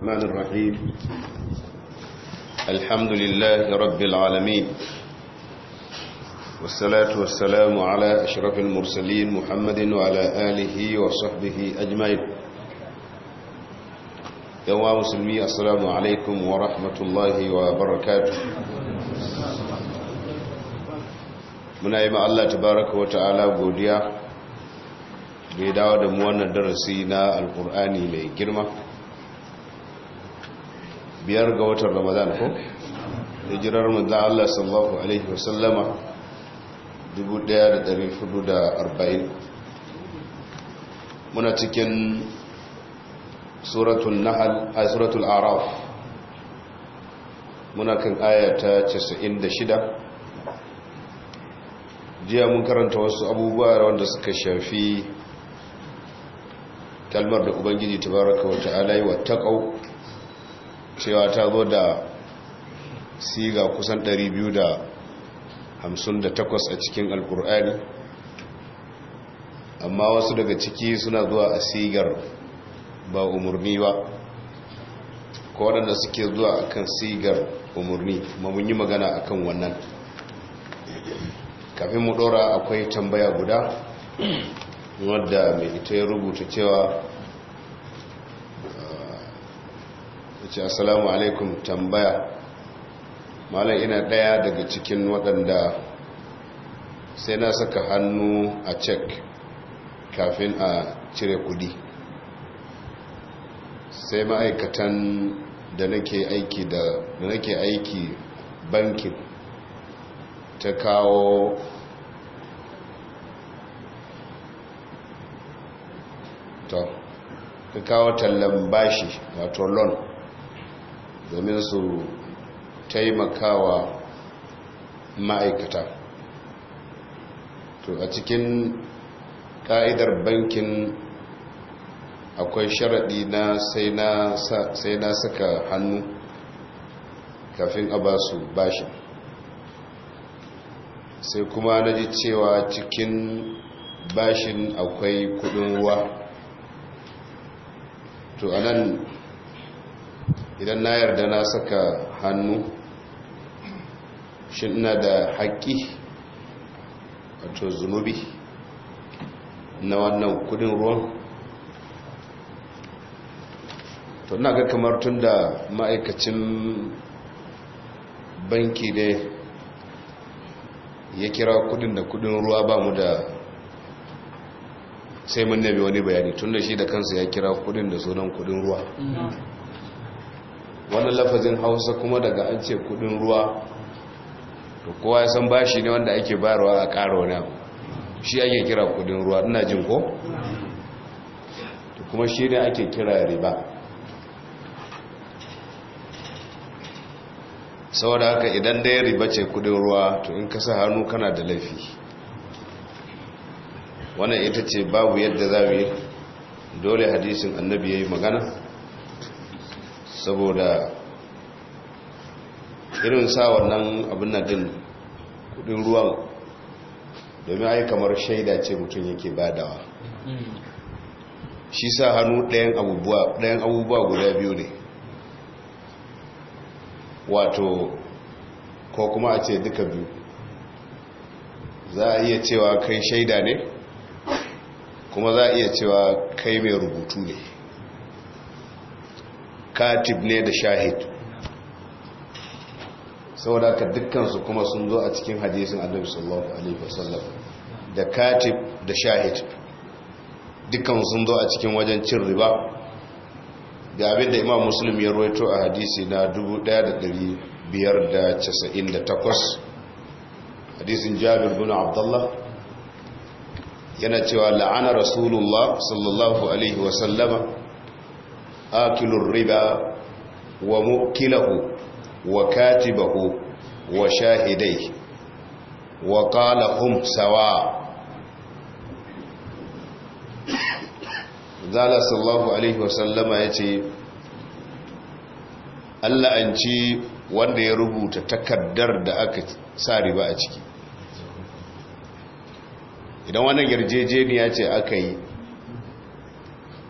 الرحمن الرحيم الحمد لله رب العالمين والصلاة والسلام على أشرف المرسلين محمد وعلى آله وصحبه أجمعين يوم مسلمي السلام عليكم ورحمة الله وبركاته من أيما الله تبارك وتعالى بوديا da ya dawo القرآني mu biyar ga watan ramadan ko hijirar manzan allah sallallahu alaihi wasallama 1440 muna cikin suratul nahal ay suratul araf muna kan ayata 96 jiya mun karanta wasu abubuwa wanda suka shafi kalmar da ubangiji tabaraka wa ta'ala wa taqaw cewa ta zo da siga kusan 258 a cikin alkur'ani amma wasu daga ciki suna zuwa a sigar ba umarni ba ko waɗanda suke zuwa kan sigar umarni ma mun yi magana akan wannan kafin mu ɗora akwai tambaya guda wadda mai ita ya rubuta cewa ce assalamu alaikum tambaya malam ina daya daga cikin waɗanda sai na saka hannu a cek kafin a cire kudi sai ma'aikatan da nake aiki da nake aiki bankin ta kawo ta kawo tallan bashi wato loan domin su taimakawa ma'aikata to a cikin ka'idar bankin akwai sharaɗi na sai na saka hannu kafin a ba su bashi sai kuma na ji cewa cikin bashin akwai kudin ruwa to anan idan na yarda na saka hannu shi ina da haƙƙi wato zunubi na wannan kudin ruwan to na ga kamar tun da ma'aikacin banki ne ya kira kudin da kudin ruwa ba mu da sai mun nemi wani bayani tun da shi da kansa ya kira kudin da sunan kudin ruwa mm. wani lafazin hausa kuma daga an ce kudin ruwa to kowa ya san bashi ne wanda ake bayarwa a karo na shi ake kira kudin ruwa ina jin ko to kuma shi ne ake kira riba saboda haka idan dai riba ce kudin ruwa to in ka hannu kana da laifi wannan ita ce babu yadda za mu yi dole hadisin annabi ya yi magana saboda irin sa wannan abin nadin din kudin ruwan domin ai kamar shaida ce mutum yake badawa shi sa hannu ɗayan abubuwa ɗayan abubuwa guda biyu ne wato ko kuma a ce duka biyu za a iya cewa kai shaida ne kuma za a iya cewa kai mai rubutu ne katib ne da shahid saboda ka dukkansu kuma sun zo a cikin hadisin annabi sallallahu alaihi wasallam da katib da shahid dukkan sun zo a cikin wajen cin riba da abinda imam muslim ya roito a hadisi na 1598 hadisin jabir bin abdullah yana cewa la'ana rasulullah sallallahu alaihi wasallama akilur riba wa mukilahu wa katibahu wa shahidai wa qala hum sawa zala sallallahu alaihi wasallama yace Allah an la'anci wanda ya rubuta takardar da aka sa riba a ciki idan wannan yarjejeniya ce aka yi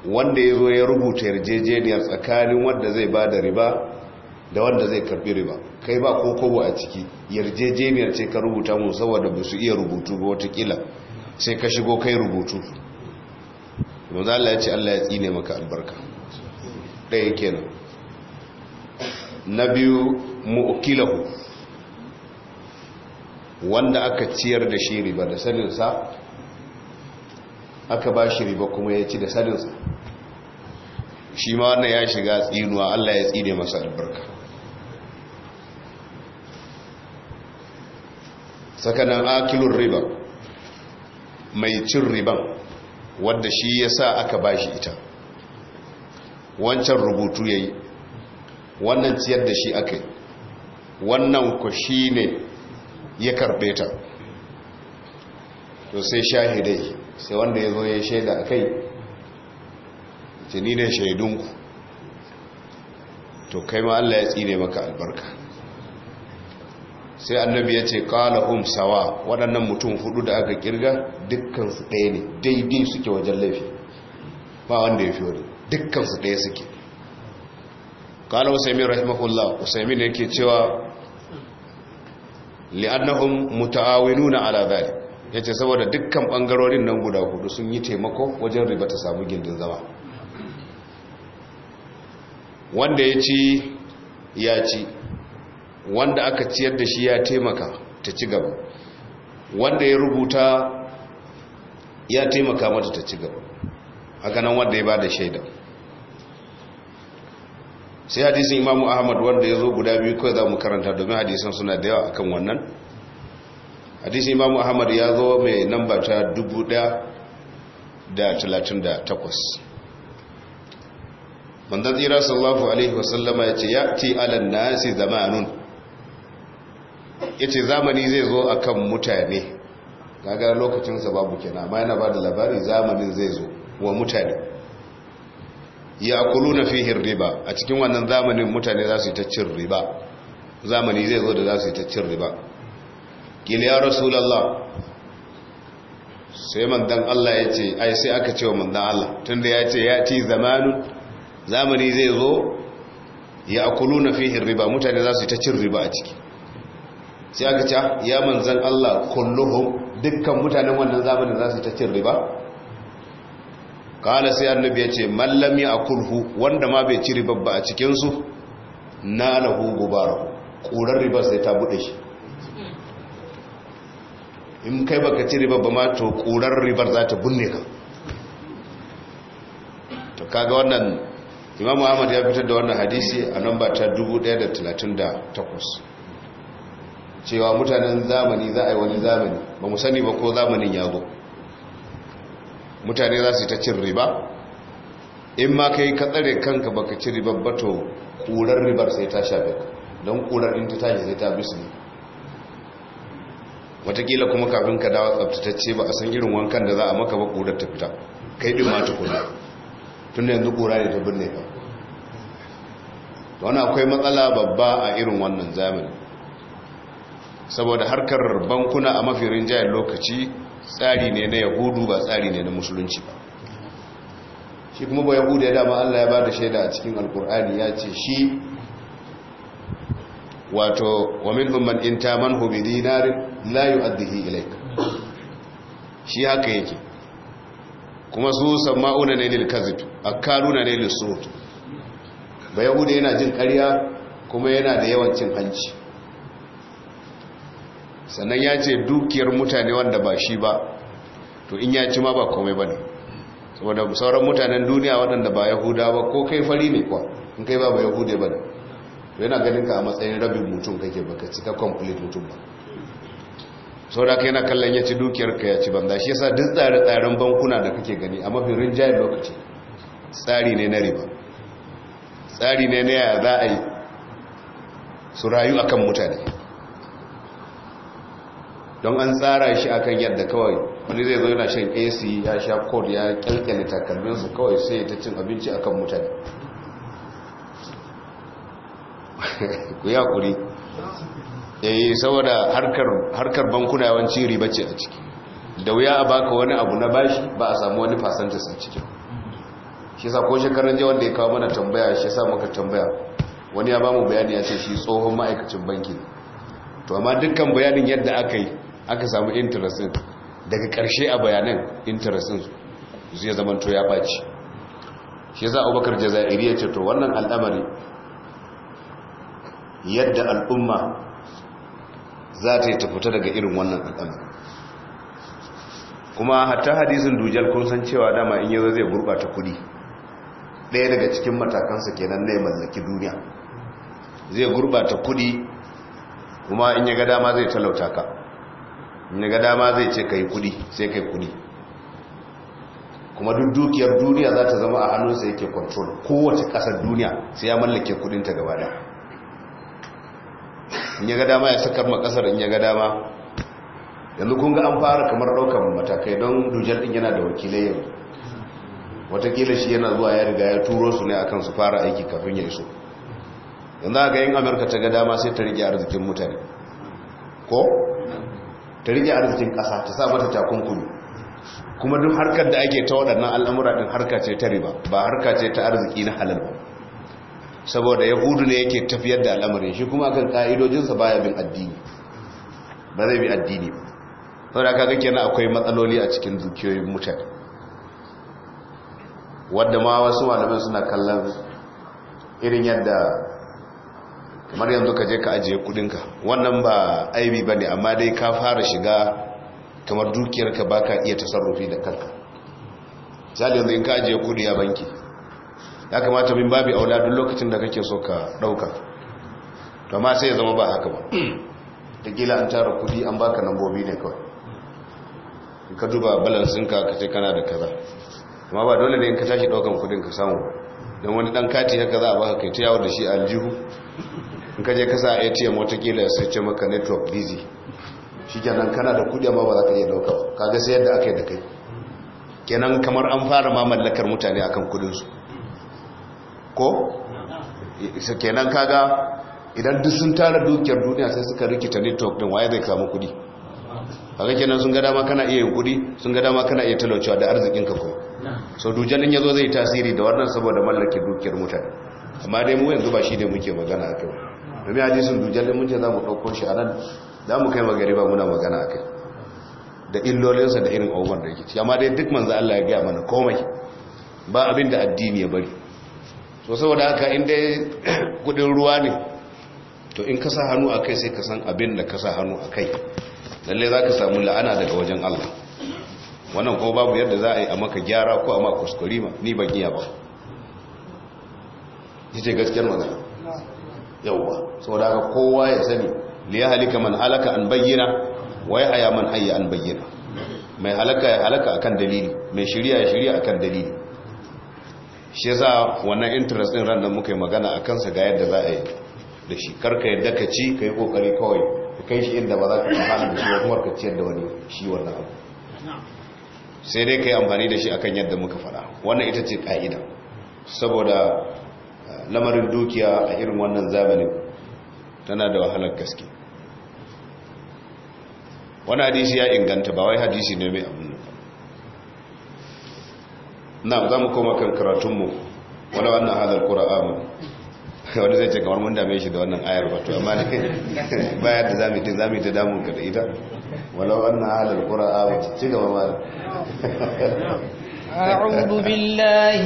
wanda ya zo ya rubuta yarjejeniyar tsakanin wanda zai ba da riba da wanda zai karbi riba kai ba ko kogo a ciki yarjejeniyar ce ka rubuta mu saboda ba su iya rubutu ba watakila sai ka shigo kai rubutu za Allah ya ce Allah ya tsine maka albarka ɗaya kenan na biyu mu'kilahu wanda aka ciyar da shi riba da saninsa aka ba shi riba kuma ya ci da sadinsa shi ma wannan ya shiga tsinuwa Allah ya tsine masa albarka sakanan akilun riba mai cin riban wadda shi ya sa aka ba shi ita wancan rubutu ya yi wannan ciyar da shi aka yi wannan ku shi ne ya karbe ta to sai shahidai sai wanda ya zo ya shaida a kai ce ni ne shaidunku to kai ma Allah ya tsine maka albarka sai annabi ya ce kala um sawa waɗannan mutum hudu da aka kirga su ɗaya ne daidai suke wajen laifi ba wanda ya fi wani su ɗaya suke kala usaimin rahimahullah usaimin yake cewa li'annahum muta'awinuna ala dhalik ya ce saboda dukkan ɓangarorin nan guda hudu sun yi taimako wajen riba ta samu gindin zama wanda ya ci ya ci wanda aka ciyar da shi ya taimaka ta ci gaba wanda ya rubuta ya taimaka mata ta ci gaba hakanan wanda ya ba da shaida sai hadisin imamu ahmad wanda ya zo guda biyu kawai za mu karanta domin hadisan suna da yawa akan wannan hadisi imamu ahmad ya zo mai namba ta 1038 manzan tsira sallallahu alaihi wasallama ya ce ya ti alan nasi zamanun ya ce zamani zai zo a kan mutane gagara lokacinsa babu kenan amma yana ba da labari zamanin zai zo wa mutane ya kulu na fihin riba a cikin wannan zamanin mutane za su yi ta cin riba zamani zai zo da za su yi ta cin riba kila ya rasulallah sai mandan Allah ya ce ai sai aka ce wa mandan Allah tunda ya ce ya ci zamanin zamani zai zo ya akulu na fihin riba mutane za su ta cin riba a ciki sai aka ce ah, ya manzan Allah kulluhum dukkan mutanen wannan zamanin za su ta cin riba kala sai annabi ya ce mallam ya akulhu wanda ma bai ci riba ba a cikinsu na lahu gubara ƙurar riba sai ta buɗe shi in kai baka ci riba ba ma to kurar ribar za ta bunne ka to kaga wannan imamu ahmad ya fitar da wannan hadisi a nan ba ta 1038 cewa mutanen zamani za a yi wani zamani ba mu sani ba ko zamanin ya zo mutane za su ta cin riba in ma kai ka tsare kanka baka ci riba ba to kurar ribar sai ta shafe don kurar in ta tashi sai ta bisu ne watakila kuma kafin ka dawo tsabtatacce ba a san irin wankan da za a maka ba da ta fita kai bi ma kula tun da yanzu kura ne ta binne ba wani akwai matsala babba a irin wannan zamani saboda harkar bankuna a mafi rinjayen lokaci tsari ne na yahudu ba tsari ne na musulunci ba shi kuma ba yahudu ya dama allah ya ba da shaida a cikin alkur'ani ya ce shi wato wa inta man in bi dinarin la yu'addihi ilayka shi haka yake kuma su sama'una ne lil kadhib akaluna ne lil sut ba yahuda yana jin ƙarya kuma yana da yawan cin hanci sannan ya ce dukiyar mutane wanda ba shi ba to in ya ci ma ba komai ba ne saboda sauran mutanen duniya waɗanda ba yahuda ba ko kai fari ne kwa? in kai ba ba yahude ba ne to yana ganin ka a matsayin rabin mutum kake baka cika complete mutum ba sau da yana kallon ya ci dukiyar ka ya ci banza shi yasa duk tsare-tsaren bankuna da kake gani a mafi rinjayen lokaci tsari ne na riba tsari ne na yaya za a yi su rayu akan mutane don an tsara shi a kan yadda kawai wani zai zo yana shan ac ya sha kod ya kyalkyalita kalbinsu kawai sai ta cin abinci akan mutane ku yi hakuri eh, saboda harkar bankuna yawanci riba ce a ciki da wuya a baka wani abu na bashi ba a samu wani percentage a cikin shi sa ko shekaran jiya da ya kawo mana tambaya shi sa maka tambaya wani ya ba mu bayani ya ce shi tsohon ma'aikacin banki to amma dukkan bayanin yadda aka yi aka samu interest daga karshe a bayanan interest zai zama ya baci shi yasa Abubakar Jazairi ya ce to wannan al'amari yadda al'umma za ta yi tafuta daga irin wannan al'amari kuma hatta hadisun dujal kun san cewa dama in yau zai gurɓata kudi ɗaya daga cikin matakansa kenan yi mallaki duniya zai gurɓata kudi kuma in ya ga dama zai talauta ka in ya ga dama zai ce ka yi kudi sai ka yi kudi kuma duk dukiyar duniya za ta zama a hannunsa yake control kowace ƙasar duniya sai ya mallake kudinta gaba daya in ya ga dama ya sakar ma kasar in ya ga dama yanzu kun ga an fara kamar daukan matakai don dujar din yana da wakilai yau watakila shi yana zuwa ya riga ya turo su ne akan su fara aiki kafin ya iso yanzu ga yin amurka ta ga dama sai ta rike arzikin mutane ko ta rike arzikin kasa ta sa mata takunkumi kuma duk harkar da ake ta waɗannan al'amura ɗin harka ce ta riba ba harka ce ta arziki na halal ba saboda yahudu ne yake tafiyar da al'amarin shi kuma kan ka'idojinsa baya bin addini ba zai bi addini ba saboda kaga kenan akwai matsaloli a cikin dukiyoyin mutane wadda ma wasu malamai suna kallon irin yadda kamar yanzu ka je ka ajiye kudinka wannan ba aibi ba ne amma dai ka fara shiga kamar dukiyarka ba ka iya tasarrufi da kanka misali yanzu in ka ajiye kudi a banki ya kamata min babi aula duk lokacin da kake so ka dauka to amma sai ya zama ba haka ba da gila an tara kudi an baka nambobi ne kawai ka duba balansin ka kace kana da kaza amma ba dole ne in ka tashi daukan kudin ka samu don wani dan kati haka za a baka kai ta yawo da shi aljihu in ka je ka sa ATM gila sai ce maka network busy shikenan kana da kudi amma ba za ka iya dauka ba kaga sai yadda aka yi da kai kenan kamar an fara ma mallakar mutane akan su ko isa kenan kaga idan duk sun tara dukiyar duniya sai suka rikita network din waye zai samu kudi kaga kenan sun ga dama kana iya kudi sun ga dama kana iya talaucewa da arzikin ka ko so dujalin yazo zai tasiri da wannan saboda mallake dukiyar mutane amma dai mu yanzu ba shi ne muke magana a kai domin hadisin dujalin mun ce za mu ɗauko shi a nan za mu kai ba muna magana a kai da illolinsa da irin abubuwan da yake ci amma dai duk manzo Allah ya gaya mana komai ba abin da addini ya bari so saboda haka inda kudin ruwa ne to in kasa hannu a kai sai ka san abin da kasa hannu a kai lalle za ka samu la'ana daga wajen allah wannan ko babu yadda za a yi a maka gyara ko a maka ma ni ban iya ba shi ce gaskiyar magana yauwa saboda haka kowa ya sani liya halika man halaka an bayyana wai haya man hayya an bayyana mai halaka ya halaka akan dalili mai shirya ya shirya akan dalili shi yasa wannan interest din ran na muka yi magana a kansa ga yadda za a yi da shi karka yadda ka ci ka yi kokari kawai ka kai shi inda ba za ka hana da shi ba kuma ka ciyar da wani shi wannan abu sai dai ka yi amfani da shi akan yadda muka faɗa wannan ita ce ka'ida saboda eh, lamarin dukiya a irin wannan zamanin tana da wahalar gaske wani hadisi ya inganta ba wai hadisi ne mai abu na za koma kan karatunmu wadda wannan a ƙura'amun wani zai ce kamar mun dame shi da wannan ayar wato amma ne bayar da zami ta zami ta damun ka da ita wala wannan na halar ci gaba ma أعوذ بالله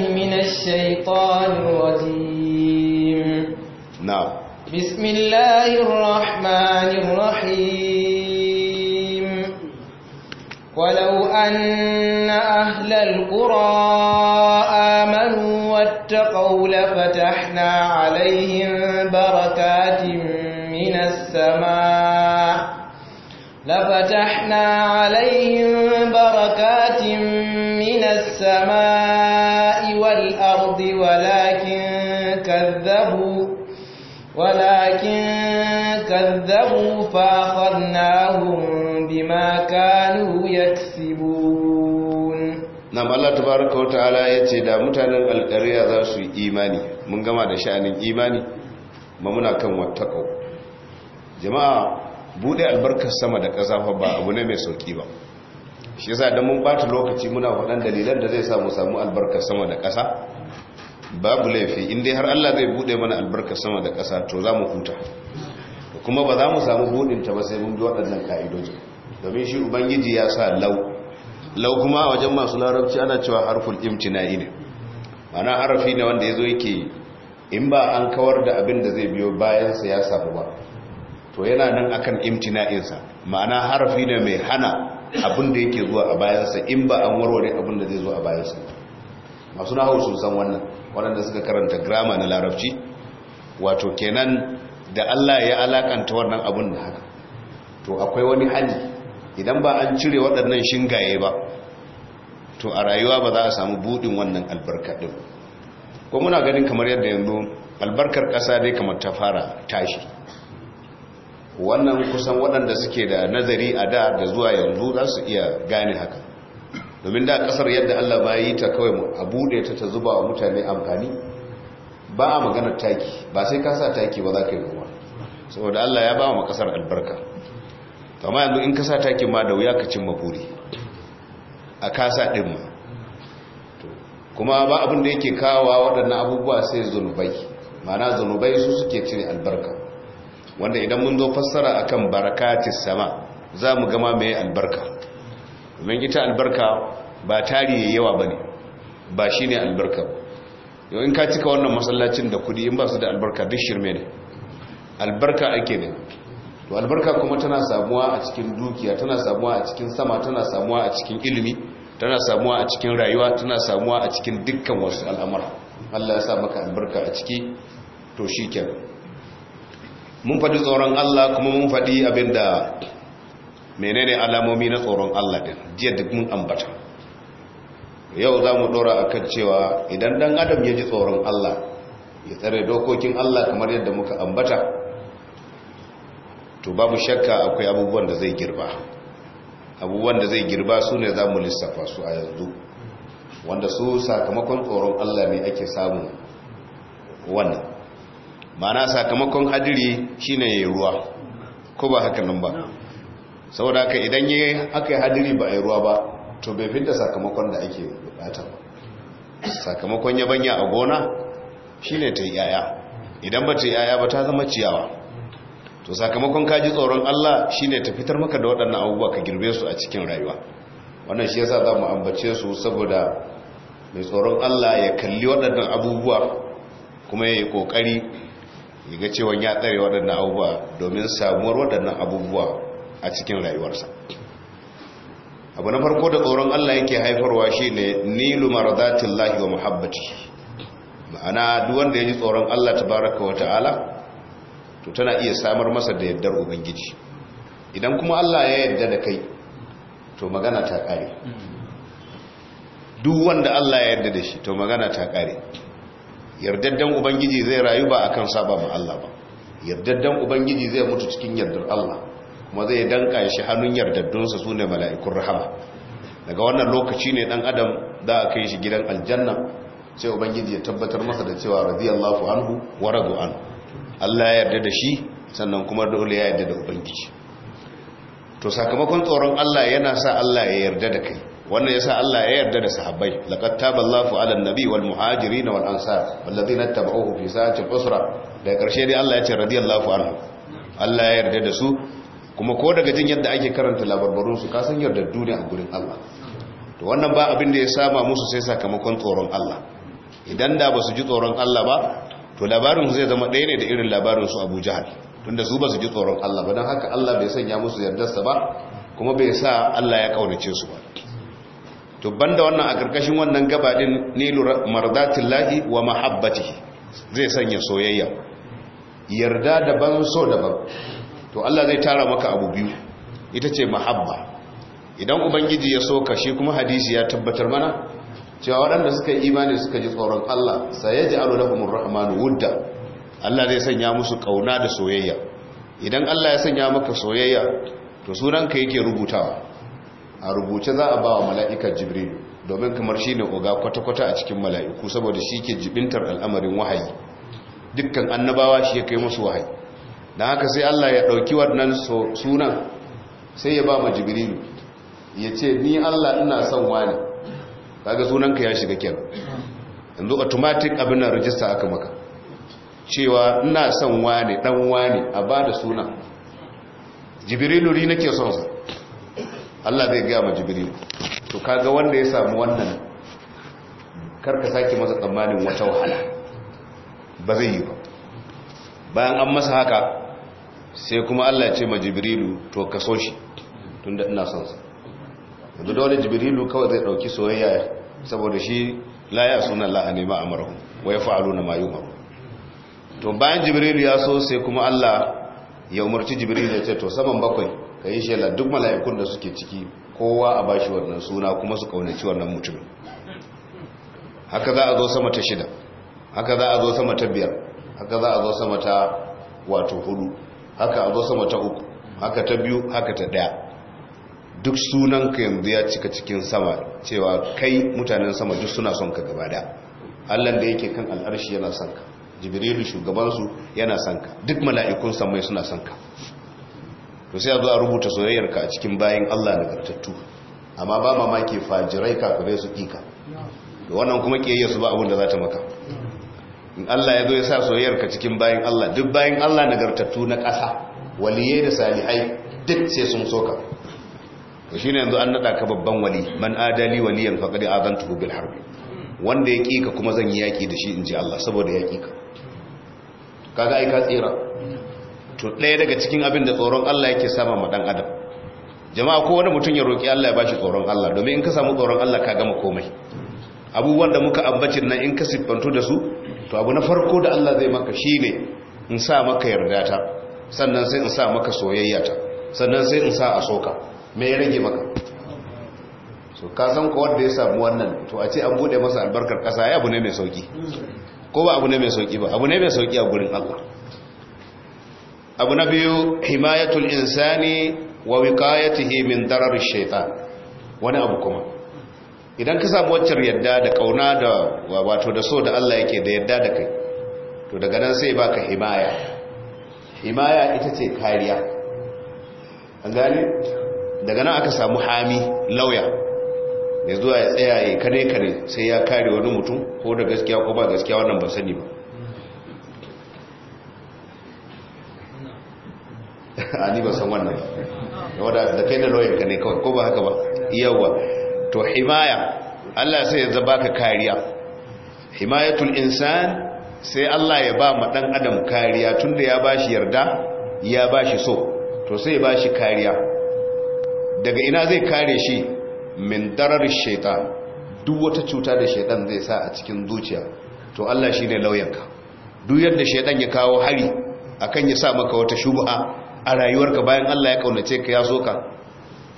ولو أن أهل القرى آمنوا واتقوا لفتحنا عليهم بركات من السماء لفتحنا عليهم بركات من السماء والأرض ولكن كذبوا ولكن كذبوا فأخذناهم بما كانوا يكسبون نعم الله تبارك وتعالى يتي دا متانن القريه za إيماني من قمع دا da sha'anin imani ba muna kan wattaqo jama'a bude albarkar sama da ƙasa fa ba abu ne mai sauki ba shi yasa da mun bata lokaci muna faɗan dalilan da zai sa mu samu albarkar sama da ƙasa babu laifi in dai har Allah zai bude mana albarkar sama da ƙasa to za mu huta kuma ba za mu samu buɗinta ba sai mun bi waɗannan ka'idoji domin shi ubangiji ya sa lau lau kuma a wajen masu larabci ana cewa harful imtina'i ne mana harafi ne wanda ya zo yake in ba an kawar da abin da zai biyo bayansa ya samu ba to yana nan akan insa ma'ana harafi ne mai hana abin da yake zuwa a bayansa in ba an warware abin da zai zo a bayansa masu hau sun san wannan waɗanda suka karanta grama na larabci wato kenan da Allah ya alakanta wannan abun da haka to akwai wani hali idan ba an cire waɗannan shingaye ba to a rayuwa ba za a samu buɗin wannan albarka ɗin ko muna ganin kamar yadda yanzu albarkar ƙasa dai kamar ta fara tashi wannan kusan waɗanda suke da nazari a da da zuwa yanzu za su iya gane haka domin da ƙasar yadda allah ba yi ta kawai a buɗe ta ta zuba wa mutane amfani ba a maganar taki ba sai ka sa taki ba za ka yi noma saboda Allah ya ba mu kasar albarka to yanzu in kasa takin ma da wuya ka cin mafuri a kasa din ma kuma ba abin da yake kawowa waɗannan abubuwa sai zunubai ma'ana zunubai su suke cire albarka wanda idan mun zo fassara akan barakatis sama za mu gama mai albarka domin ita albarka ba tari yawa ba ne ba shi ne albarka yau in ka cika wannan masallacin da kudi in ba su da albarka duk shirme ne albarka ake ne to albarka kuma tana samuwa a cikin dukiya tana samuwa a cikin sama tana samuwa a cikin ilimi tana samuwa a cikin rayuwa tana samuwa a cikin dukkan wasu al'amura Allah ya sa maka albarka a ciki to shikenan mun faɗi tsoron Allah kuma mun faɗi abinda menene alamomi na tsoron Allah din jiya duk mun ambata yau za mu ɗora akan cewa idan dan adam ya ji tsoron Allah ya tsare dokokin Allah kamar yadda muka ambata to babu shakka akwai abubuwan da zai girba abubuwan da zai girba su ne za mu lissafa su a yanzu wanda su sakamakon tsoron allah ne ake samu wannan mana sakamakon hadiri shine ya yi ruwa ko ba haka nan ba saboda haka idan yi aka yi hadiri ba a yi ruwa ba to bai fita sakamakon da ake bukata ba sakamakon yabanya a gona shine ta yaya idan ba ta yaya ba ta zama ciyawa to sakamakon kaji tsoron Allah shine ta fitar maka da waɗannan abubuwa ka girbe su a cikin rayuwa wannan shi yasa mu ambace su saboda mai tsoron Allah ya kalli waɗannan abubuwa kuma ya yi kokari ya ga cewa ya tsare waɗannan abubuwa domin samuwar waɗannan abubuwa a cikin rayuwarsa abu na farko da tsoron Allah yake haifarwa shine nilu maradatillahi wa muhabbati ma'ana duk wanda ya ji tsoron Allah tabaraka wa ta'ala to tana iya samar masa da yardar ubangiji idan kuma Allah ya yarda da kai to magana ta kare duk wanda Allah ya yarda da shi to magana ta kare yardaddan ubangiji zai rayu ba akan saba ma Allah ba yardaddan ubangiji zai mutu cikin yardar Allah kuma zai danka shi hannun yardaddunsa su ne mala'ikun rahama daga wannan lokaci ne dan adam za a kai shi gidan aljanna sai ubangiji ya tabbatar masa da cewa radiyallahu anhu wa radu anhu Allah ya yarda da shi sannan kuma dole ya yarda da ubangiji to sakamakon tsoron Allah yana sa Allah ya yarda da kai wannan yasa Allah ya yarda da sahabbai laqad taballahu an nabi wal muhajirin wal ansar walladhina tabauhu fi sa'ati usra da karshe dai Allah ya ce radiyallahu anhu Allah ya yarda da su kuma ko daga jin yadda ake karanta labarbarun su ka san yarda duniya a gurin Allah to wannan ba abin da ya sama musu sai sakamakon tsoron Allah idan da ba su ji tsoron Allah ba to labarin zai zama ɗaya ne da irin labarin su abu jihar tunda su ba su ji tsoron allah ba don haka allah bai sanya musu yardarsa ba kuma bai sa allah ya ƙaunace su ba to banda wannan a ƙarƙashin wannan gabaɗin nilu lahi wa mahabbatihi zai sanya soyayya yarda daban so daban to allah zai tara maka abu biyu ita ce mahabba idan ubangiji ya so ka shi kuma hadisi ya tabbatar mana cewa waɗanda suka yi imani suka ji tsoron Allah sai ji alu lahumur rahmanu wudda Allah zai sanya musu kauna da soyayya idan Allah ya sanya maka soyayya to sunanka yake rubutawa a rubuce za a ba wa mala'ikar jibril domin kamar shi ne oga kwata-kwata a cikin mala'iku saboda shi ke jibintar al'amarin wahayi dukkan annabawa shi ya kai musu wahayi don haka sai Allah ya ɗauki waɗannan sunan sai ya ba ma jibrilu ya ce ni Allah ina son wani kaga sunanka ya shiga kyan, yanzu automatic abin na rajista aka maka cewa ina son wane dan wane a da suna jibirilu ri nake son sa Allah zai ga ma jibirilu to kaga wanda ya samu wannan karka sake masa tsammanin wata wahala ba zai yi ba bayan an masa haka sai kuma Allah ya ce ma jibrilu to ka so shi tunda ina son sa yanzu dole jibrilu kawai zai dauki soyayya saboda shi la ya sunan la anima amaru fa'alu na ma maru to bayan jibrilu ya so sai kuma Allah ya umarci jibrilu ya ce to saman bakwai ka yi shela duk mala'ikun da suke ciki kowa a bashi wannan suna kuma su kaunaci wannan mutumin haka za a zo sama ta shida haka za a zo sama ta biyar haka za a zo sama ta wato hudu haka a zo sama ta uku haka ta biyu haka ta daya duk sunan ka yanzu ya cika cikin sama cewa kai mutanen sama duk suna son ka gaba da allan da yake kan al'arshi yana son ka jibrilu shugabansu yana son ka duk mala'ikun samai suna son ka to sai a a rubuta soyayyarka a cikin bayan allah na gartattu. amma ba mamaki fajirai kure su kika da wannan kuma kiyayya su ba abun da za ta maka in allah ya zo ya sa soyayyar ka cikin bayan allah duk bayan allah na gartattu na ƙasa waliyai da salihai duk sai sun soka to shine yanzu an nada ka babban wali man adali waliyan a zan bil harb wanda ya kika kuma zan yi yaki da shi in ji Allah saboda ya kika kaga ai ka tsira to ɗaya daga cikin abin da tsoron Allah yake sama ma dan adam jama'a ko wani mutum ya roki Allah ya bashi tsoron Allah domin in ka samu tsoron Allah ka gama komai abubuwan da muka ambaci nan in ka siffantu da su to abu na farko da Allah zai maka shine in sa maka yarda ta sannan sai in sa maka soyayya ta sannan sai in sa a soka me ya rage maka so ka san ko wanda ya samu wannan to a ce an bude masa albarkar kasa ya abu ne mai sauki ko ba abu ne mai sauki ba abu ne mai sauki a gurin Allah abu na biyu himayatul insani wa wiqayatihi min darar shaitan wani abu kuma idan ka samu waccar yadda da kauna da wato da so da Allah yake da yadda da kai to daga nan sai baka himaya himaya ita ce kariya an gane daga nan aka samu hami lauya mai zuwa ya tsaya ya kare kare sai ya kare wani mutum ko da gaskiya ko ba gaskiya wannan ba sani ba A ni ba san wannan wadda da kai da lauyan ka ne kawai ko ba haka ba yawa to himaya Allah sai ya zaba ka kariya himayatul insan sai Allah ya ba ma dan adam kariya tunda ya bashi yarda ya bashi so to sai ya bashi kariya daga ina zai kare shi min darar shaitan duk wata cuta da shaitan zai sa a cikin zuciya to Allah shi ne lauyanka duk yadda shaitan ya kawo hari akan ya sa maka wata shubu'a a rayuwarka bayan Allah ya kaunace ka ya so ka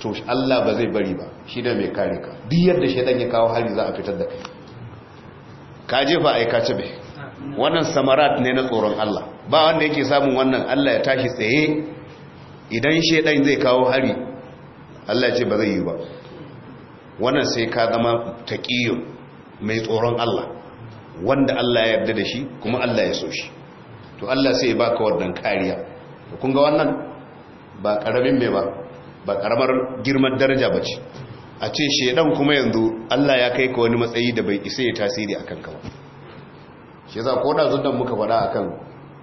to Allah ba zai bari ba shi ne mai kare ka duk yadda shaitan ya kawo hari za a fitar da kai ka jefa ai ka wannan samarat ne na tsoron Allah ba wanda yake samun wannan Allah ya tashi tsaye idan shaitan zai kawo hari Allah ce ba zai yi ba wannan sai ka zama taqiyyun mai tsoron Allah wanda Allah ya yarda da shi kuma Allah ya so shi to Allah sai ya baka wannan kariya to kun ga wannan ba karamin mai ba ba karamar girman daraja bace a ce shedan kuma yanzu Allah ya kai ka wani matsayi da bai isa ya tasiri akan ka ba shi yasa ko da zunnan muka faɗa akan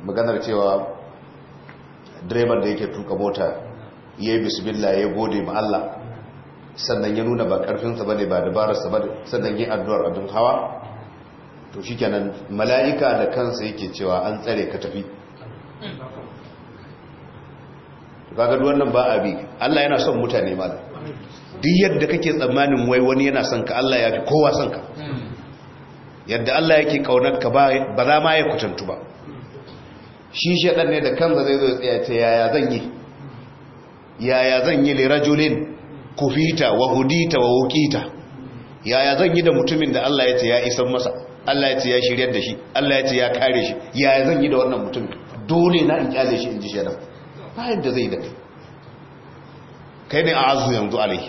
maganar cewa direban da yake tuka mota ya yi bismillah ya gode ma Allah sannan ya nuna ba karfinsa ba ne ba dabararsa ba sannan yin addu'ar abin hawa to shi kenan mala'ika da kansa yake cewa an tsare ka tafi ga wannan ba a bi. Allah yana son mutane da duk yadda kake tsammanin wai wani yana son ka Allah ya fi kowa son ka yadda Allah yake kaunar ka ba za ma ya kutantu ba shi ɗan ne da kansa zai zo ya tsaye ta yaya zan yi yaya zan yi lirajulin kufita wa hudita wa hukita yaya zan yi da mutumin da Allah ya ce ya isan masa Allah ya ce ya shiryar da shi Allah ya ce ya kare shi yaya zan yi da wannan mutumin dole na in kyale shi in ji shedan bayan da zai da kai kai ne a azu yanzu alai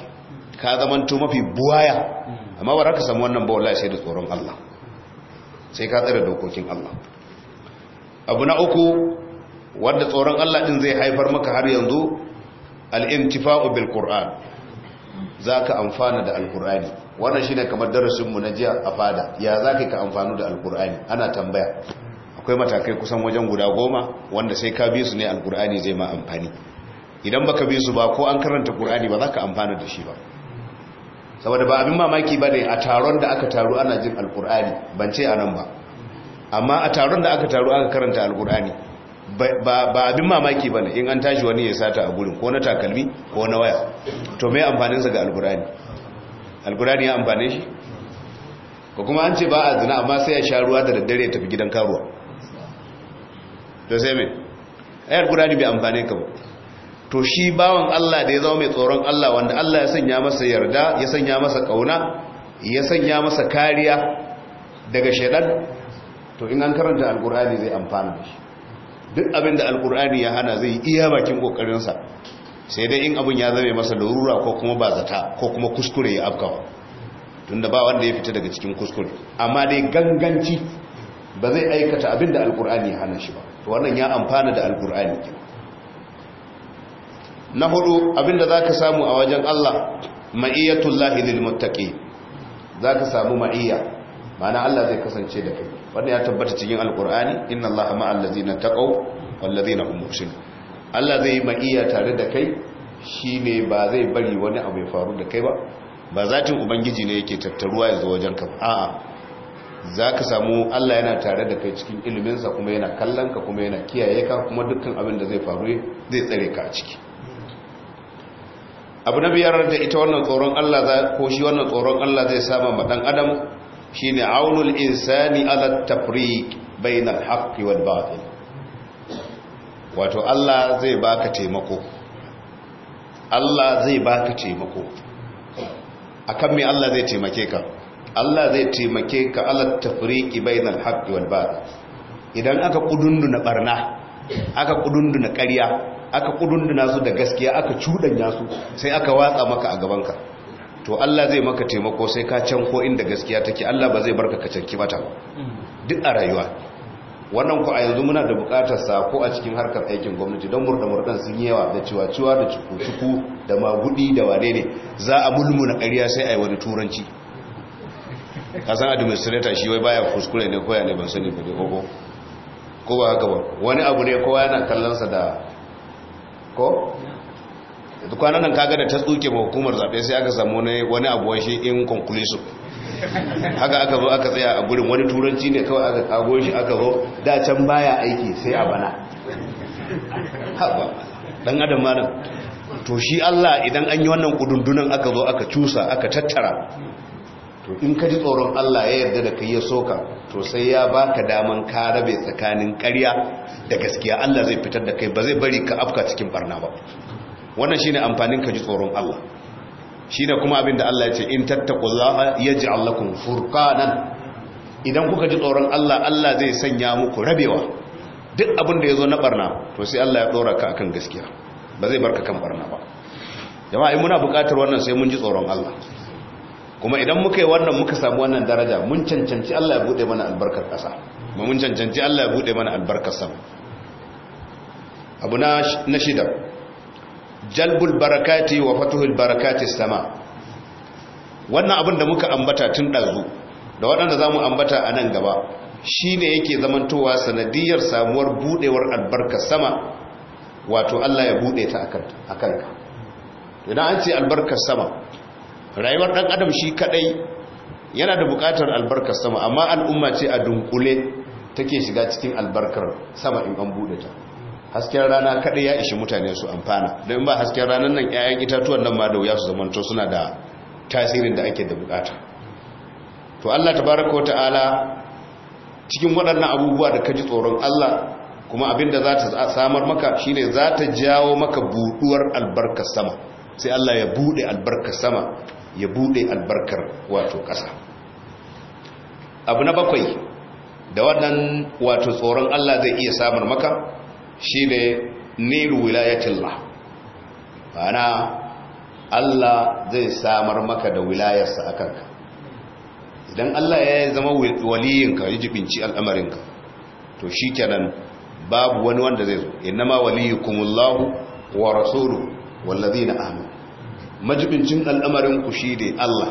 ka to mafi buwaya amma ba ka samu wannan ba wallahi sai da tsoron Allah sai ka tsare dokokin Allah abu na uku wanda tsoron Allah din zai haifar maka har yanzu al-intifa'u bil za ka amfana da al Wannan shi ne kamar darasinmu na jiya a fada ya za ka amfanu da al ana tambaya akwai matakai kusan wajen guda goma wanda sai ka bi su ne al zai ma amfani idan ba ka bi su ba ko an karanta qur'ani ba za ka amfana da shi ba saboda ba abin mamaki ba ne a taron da aka taru ana jin alkur'ani ban ce a nan ba amma a taron da aka taru aka karanta alkur'ani ba abin mamaki ba ne in an tashi wani ya sata a gurin ko na takalmi ko na waya to mai amfaninsa ga alkurani alkurani ya amfane shi ko kuma an ce ba a zina amma sai ya sha ruwa da daddare ya tafi gidan karuwa to sai mai ai alkurani bai amfane ka ba to shi bawan Allah da ya zama mai tsoron Allah wanda Allah ya sanya masa yarda ya sanya masa kauna ya sanya masa kariya daga shaidan to in an karanta alkurani zai amfana da shi duk abin da alkur'ani ya hana zai iya bakin kokarinsa sai dai in abin ya zame masa larura ko kuma ba zata ko kuma kuskure ya afkawa tunda ba wanda ya fita daga cikin kuskure amma dai ganganci ba zai aikata abin da alkur'ani ya hana shi ba to wannan ya amfana da alkur'ani na hudu abin da za ka samu a wajen Allah ma'iyatul lahi lil muttaqi ka samu ma'iyya ma'ana Allah zai kasance da kai wannan ya tabbata cikin alkur'ani inna Allah ma'al ladzina taqaw wal ladzina hum muhsinun Allah zai ma iya tare da kai shine ba zai bari wani abu ya faru da kai ba ba zatin ubangiji ne yake tattaruwa ya zo wajen ka a'a zaka samu Allah yana tare da kai cikin ilimin sa kuma yana kallon ka kuma yana kiyaye ka kuma dukkan abin da zai faru zai tsare ka a ciki abu na biyar da ita wannan tsoron Allah ko shi wannan tsoron Allah zai sama ma dan adam ne aunul insani ala tafriq bainal haqqi wal batil wato Allah zai baka taimako Allah zai baka taimako kan me Allah zai taimake ka Allah zai taimake ka ala tafriqi bainal haqqi wal batil idan aka na ɓarna, aka na ƙarya aka kudunduna su da gaskiya aka cuɗanya su sai aka watsa maka a gabanka to Allah zai maka taimako sai ka can ko inda gaskiya take Allah ba zai barka ka canki mata duk a rayuwa wannan ku a yanzu muna da bukatar sa ko a cikin harkar aikin gwamnati don murda murdan sun yi yawa da ciwaciwa da cuku cuku da magudi da wane ne za a mulmuna ƙarya sai a yi wani turanci san administrator shi wai baya kuskure ne koya ne ban sani ba dai ko ko ba haka ba wani abu ne kowa yana kallon sa da ko yanzu kwanan nan kaga da ta tsuke ma hukumar zaɓe sai aka samu wani abu shi in conclusion haka aka zo aka tsaya a gurin wani turanci ne kawai aka kago shi aka zo da can baya aiki sai a bana haɓa ɗan adam nan to shi Allah idan an yi wannan kudundunan aka zo aka cusa aka tattara to in ka ji tsoron Allah ya yarda da kai ya soka to sai ya baka daman ka rabe tsakanin ƙarya da gaskiya Allah zai fitar da kai ba zai bari ka afka cikin barna ba wannan shine amfanin ka ji tsoron Allah shine kuma abin da Allah ya ce in tattaqullaha yaj'al lakum furqanan idan kuka ji tsoron Allah Allah zai sanya muku rabewa duk abin da yazo na barna to sai Allah ya dora ka akan gaskiya ba zai barka kan barna ba jama'a in muna buƙatar wannan sai mun ji tsoron Allah kuma idan muka yi wannan muka samu wannan daraja mun cancanci Allah ya bude mana albarkar ƙasa mun cancanci Allah ya bude mana albarkar sama abu na shida jalbul barakati wa fatuhul barakati sama wannan abin da muka ambata tun ɗazu da waɗanda zamu ambata a nan gaba shine yake zamantowa sanadiyar samuwar buɗewar albarka sama wato Allah ya bude ta akan ka idan an ce albarkar sama rayuwar ɗan adam shi kaɗai yana da bukatar albarkar sama amma al'umma ce a dunkule take shiga cikin albarkar sama in an buɗe ta hasken rana kaɗai ya ishi mutane su amfana don ba hasken ranar nan 'ya'yan itatuwan nan ma da wuya su zamanto suna da tasirin da ake da bukata to Allah Ta tabaraka ta'ala cikin waɗannan abubuwa da kaji tsoron Allah kuma abinda za ta samar maka shine za ta jawo maka buduwar albarkar sama sai Allah ya bude albarkar sama ya bude albarkar wato ƙasa abu na bakwai da waɗannan wato tsoron Allah zai iya samar maka Shi ne nilu wilayatillah ma'ana Allah zai samar maka da wilayarsa a kanka. idan Allah ya zama waliyinka ya jibinci al'amarinka to shi kenan babu wani wanda zai zo innama waliyukumullahu wa rasuluhu wallazina amu majibincin al'amarin ku ne Allah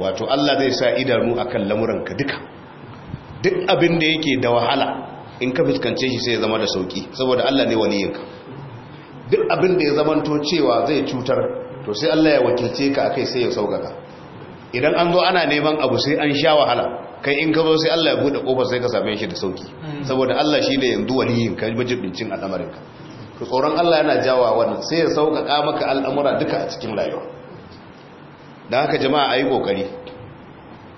wato Allah zai sa idanu akan lamuranka duka duk abin da yake da wahala in ka fuskance shi sai ya zama da sauki saboda Allah ne waliyinka duk abin da ya zamanto cewa zai cutar to sai Allah ya wakilce ka akai sai ya saukaka idan an zo ana neman abu sai an sha wahala kai in ka zo sai Allah ya bude kofar sai ka same shi da sauki hmm. saboda Allah shine yanzu waliyinka majibincin ka. to tsoron Allah yana jawa wannan sai ya saukaka maka al'amura duka a cikin rayuwa dan haka jama'a ayi kokari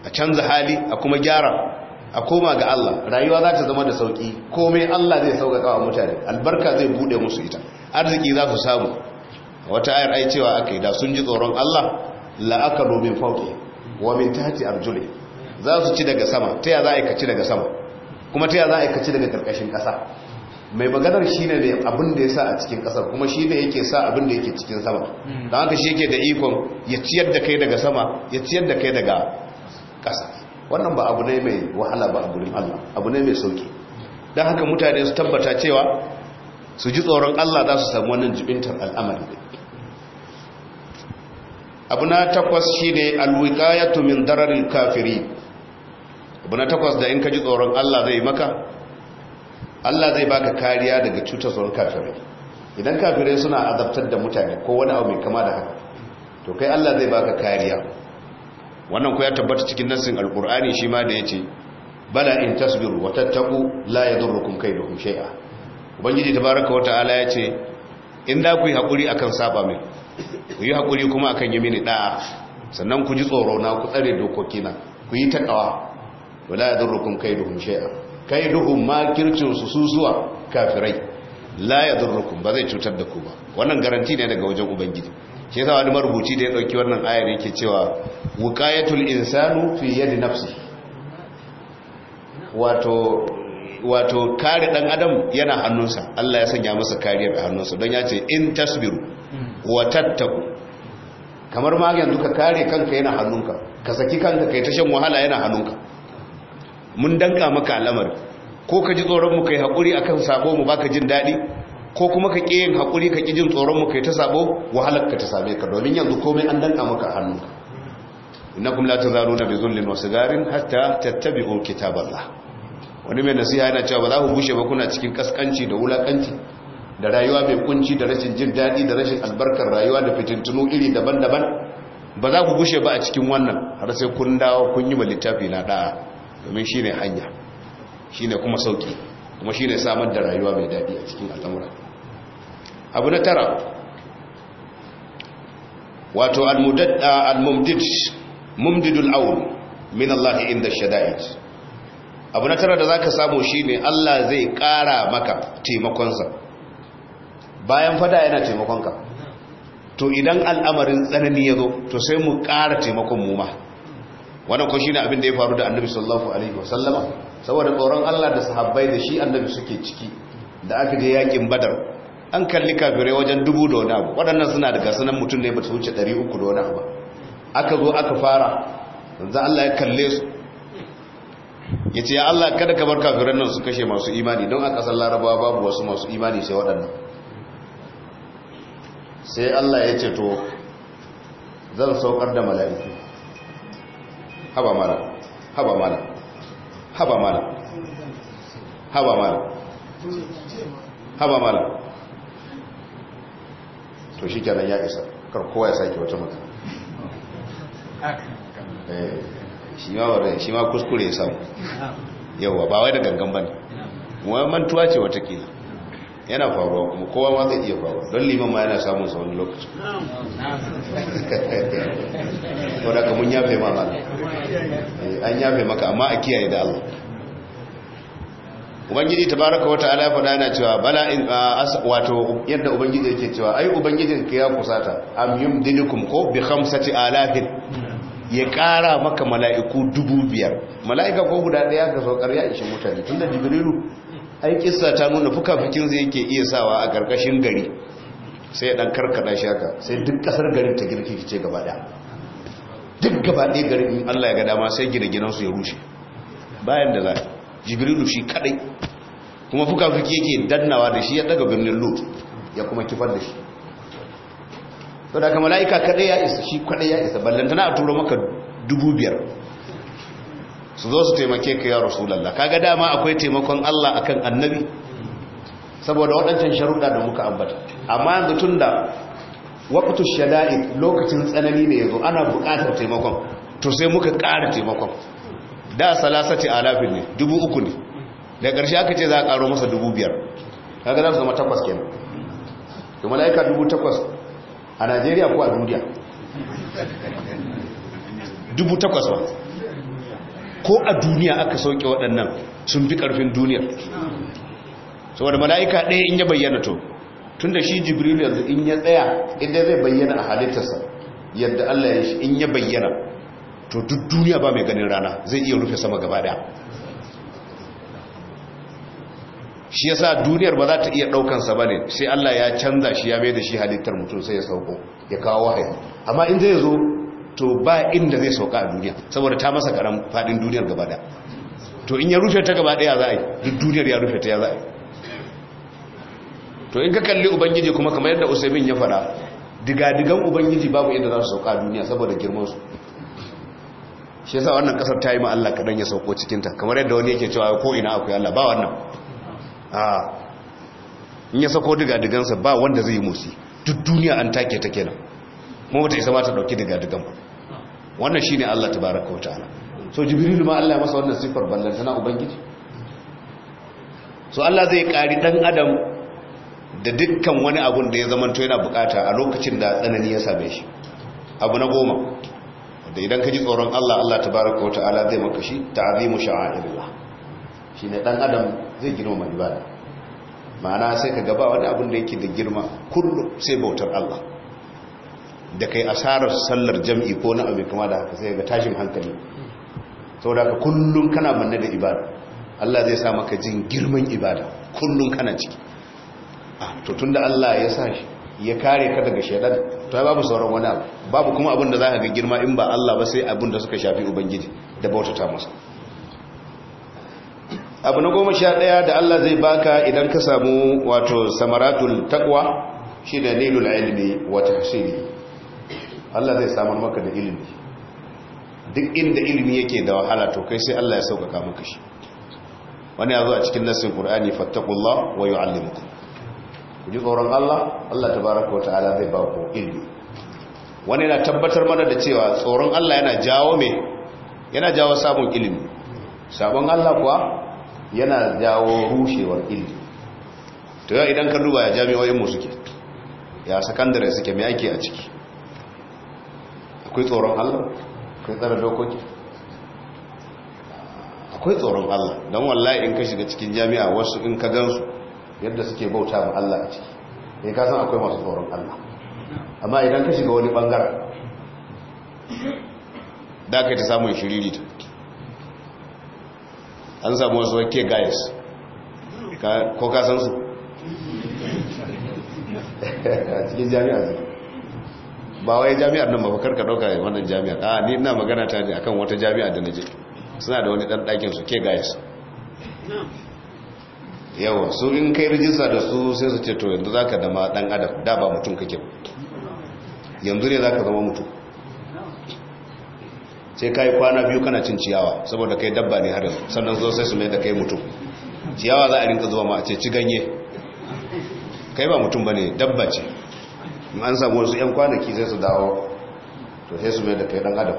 a canza hali a kuma gyara a koma ga Allah rayuwa za ta zama da sauki komai Allah zai sauƙaƙa wa mutane albarka zai bude musu ita arziki za su samu wata ayar ai cewa akai da sun ji tsoron Allah la'akalu min fawqi wa min tahti arjuli za su ci daga sama ta ya za a ci daga sama kuma ta ya za a ci daga karkashin ƙasa mai maganar shi ne abin da ya sa a cikin ƙasar kuma shi ne yake sa abin da yake cikin sama don haka shi yake da ikon ya ciyar da kai daga sama ya ciyar da kai daga ƙasa wannan ba abu ne mai wahala ba abu Allah abu ne mai sauki don haka mutane su tabbata cewa su ji tsoron Allah za su samu wannan jibintar al'amari abu na takwas shi ne alwikayatu min dararin kafiri abu na takwas da in ka ji tsoron Allah zai maka Allah zai baka kariya daga cutar kafiri idan kafirai suna azabtar da mutane ko wani abu mai kama da haka to kai Allah zai baka kariya wannan ku ya tabbata cikin nassin alkur'ani shi ma da ya ce bala in tasbiru wa tattaku la yadurrukum kaiduhum shay'a ubangiji tabaraka wata'ala ya ce in da ku yi hakuri akan saba min ku yi hakuri kuma akan yi mini da'a sannan ku ji tsoro na ku tsare dokoki na ku yi takawa wa la yadurrukum kaiduhum shay'a kaiduhum ma kircin su susuwa kafirai la yadurrukum ba zai cutar da ku ba wannan garanti ne daga wajen ubangiji shi za wani marubuci da ya dauki wannan ayar yake cewa wuqayatul insanu fi yadi nafsi wato kare dan adam yana hannunsa Allah ya sanya masa kariya da hannunsa don ya ce in tasbiru wa tattaku kamar ma yanzu ka kare kanka yana hannunka ka saki kanka kai ta shan wahala yana hannunka mun danka maka al'amari ko ka ji tsoron mu kai hakuri akan sako mu baka jin daɗi. ko kuma ka ƙi yin haƙuri ka ƙi jin tsoron mu kai ta sabo wahalar ka ta same ka domin yanzu komai an danka maka hannu kuma la tazaruna na dhullin wa sigarin hatta tattabi'u kitaballah wani mai nasiha yana cewa ba za ku gushe ba kuna cikin kaskanci da wulakanci da rayuwa mai kunci da rashin jin daɗi da rashin albarkar rayuwa da fitintunu iri daban-daban ba za ku gushe ba a cikin wannan har sai kun dawo kun yi ma littafi na ɗaya domin ne hanya shi ne kuma sauki kuma shi shine samar da rayuwa mai daɗi a cikin al'amura abu na tara wato uh, al-mumdid mumdidul aun min Allah inda shada'id abu na tara da zaka samu shine Allah zai ƙara maka taimakonsa bayan fada yana taimakonka to idan al'amarin tsanani ya zo to sai mu ƙara taimakon mu ma wannan ko shine abin da ya faru da annabi sallallahu alaihi wasallama saboda tsoron Allah da sahabbai da shi annabi suke ciki da aka je yakin badar an kalli kafirai wajen dubu da wani abu waɗannan suna daga sanan mutum ne ba su wuce ɗari uku da wani abu aka zo aka fara za Allah ya kalle su ya ce ya Allah kada ka bar nan su kashe masu imani don a ƙasar larabawa babu wasu masu imani sai waɗannan sai Allah ya ce to zan saukar da mala'iku haba mala haba mala haba mala haba mala haba mala to shi kenan ya isa kar kowa ya sake wata mutum eh, shi ma kuskure ya samu yawa ba wai da gangan ba ne mantuwa ce watakila yana faruwa kuma kowa ma zai iya faruwa don liman ma yana samun sa wani lokaci wadda ka yafe ma eh, an yafe maka amma a kiyaye da Allah ubangiji tabaraka wa ta'ala faɗa yana cewa bala in wato yadda ubangiji yake cewa ai ubangijin ki ya kusata am yumdidukum ko bi khamsati alafin ya ƙara maka mala'iku dubu biyar mala'ika ko guda ɗaya ga saukar ya ishi mutane tun da jibrilu ai kissa ta nuna fuka-fukin zai yake iya sawa a ƙarƙashin gari sai ya ɗan karkada shi haka sai duk ƙasar garin ta girki ce gaba ɗaya duk gaba ɗaya garin allah ya ga dama sai gine ginansu ya rushe bayan da za jibrilu shi kadai kuma fuka-fuki yake dannawa da shi ya daga birnin lut ya kuma kifar da shi to da kama la'ika kadai ya isa shi kadai ya isa ballantana a turo maka dubu biyar su zo su taimake ka ya rasulallah kaga dama akwai taimakon allah akan annabi saboda waɗancan sharuɗa da muka ambata amma yanzu tun da waƙutu shada'i lokacin tsanani ne ya ana buƙatar taimakon to sai muka ƙara taimakon da salasati alafin ne dubu uku ne da ƙarshe aka ce za a ƙaro masa dubu biyar kaga za su zama takwas kenan da mala'ika dubu takwas a najeriya ko a duniya dubu takwas ba ko a duniya aka sauke waɗannan sun fi ƙarfin duniyar wadda mala'ika ɗaya in ya bayyana to tun da shi jibril yanzu in ya tsaya inda zai bayyana a halittarsa yadda allah ya shi in ya bayyana to duk duniya ba mai ganin rana zai iya rufe sama gaba daya shi yasa duniyar ba za ta iya daukansa ba ne sai Allah ya canza shi ya mai da shi halittar mutum sai ya sauko ya kawo wahayi amma in zai zo to ba inda zai sauka a duniya saboda ta masa karam fadin duniyar gaba daya to in ya rufe ta gaba daya za a yi duk duniyar ya rufe ta ya za a yi to in ka kalli ubangiji kuma kamar yadda usaimin ya fada diga-digan ubangiji babu yadda za su sauka a duniya saboda girmansu shi yasa wannan kasar ta yi ma Allah kadan ya sauko cikin ta kamar yadda wani yake cewa ko ina akwai Allah ba wannan a in ya sako diga digansa ba wanda zai yi musi duk duniya an take ta kenan mu bata isa ma ta dauki diga digan wannan shine Allah tabaaraka wa ta'ala so jibril ma Allah ya masa wannan sifar ballantana ubangiji so Allah zai kari dan adam da dukkan wani abun da ya zamanto yana bukata a lokacin da tsanani ya same shi abu na goma da idan ka ji tsoron Allah Allah wata ala zai maka shi ta'zimu shi ne dan adam zai girmama ibada ma'ana sai ka gaba wani abin da yake da girma kullum sai bautar Allah da kai asarar sallar jam'i ko na abu kuma da haka sai ga tashin hankali da ka kullum kana manne da ibada Allah zai sa maka jin girman ibada kullum kana ciki ah, to da Allah ya sa ya kare ka daga shaidan to ya babu sauran wani abu babu kuma abin da za ka ga girma in ba Allah ba sai abin da suka shafi ubangiji da bautata masa abu na goma sha daya da Allah zai baka idan ka samu wato samaratul takwa shi da nilul ilmi wa tahsili Allah zai samar maka da ilimi duk inda ilimi yake da wahala to kai sai Allah ya sauƙaƙa maka shi wani ya zo a cikin nassin Qur'ani fattaqullahu wa yu'allimukum ku ji tsoron Allah Allah tabaraka wata'ala zai ba ku ilmi wani yana tabbatar mana da cewa tsoron Allah yana jawo me yana jawo samun ilmi sabon Allah kuwa yana jawo rushewar ilmi to yau idan ka duba ya jami'o'in mu suke ya sakandare suke me ake a ciki akwai tsoron Allah akwai tsara dokoki akwai tsoron Allah don wallahi in ka shiga cikin jami'a wasu in ka gansu yadda suke bauta ma Allah a ciki ne eh, ka san akwai masu tsoron Allah amma idan ka shiga wani bangaren da ka ta samun shiriri ta an samu wasu wake gayas ko ka san su a cikin jami'a zai ba wai jami'ar nan mafakar ka dauka wannan jami'ar a ni ina magana ta ne akan wata jami'a da na je suna da wani dan ɗakin su ke gayas yawa su in kai rijista da su sai su ce to yanzu za ka dama dan adam da ba mutum kake yanzu ne za ka zama mutum sai ka yi kwana biyu kana cin ciyawa saboda kai dabba ne har yanzu sannan zo sai su mai da kai mutum ciyawa za a rinka zuwa ma a ce ci ganye kai ba mutum ba ne dabba ce an samu wasu 'yan kwanaki sai su dawo to sai su mai da kai dan adam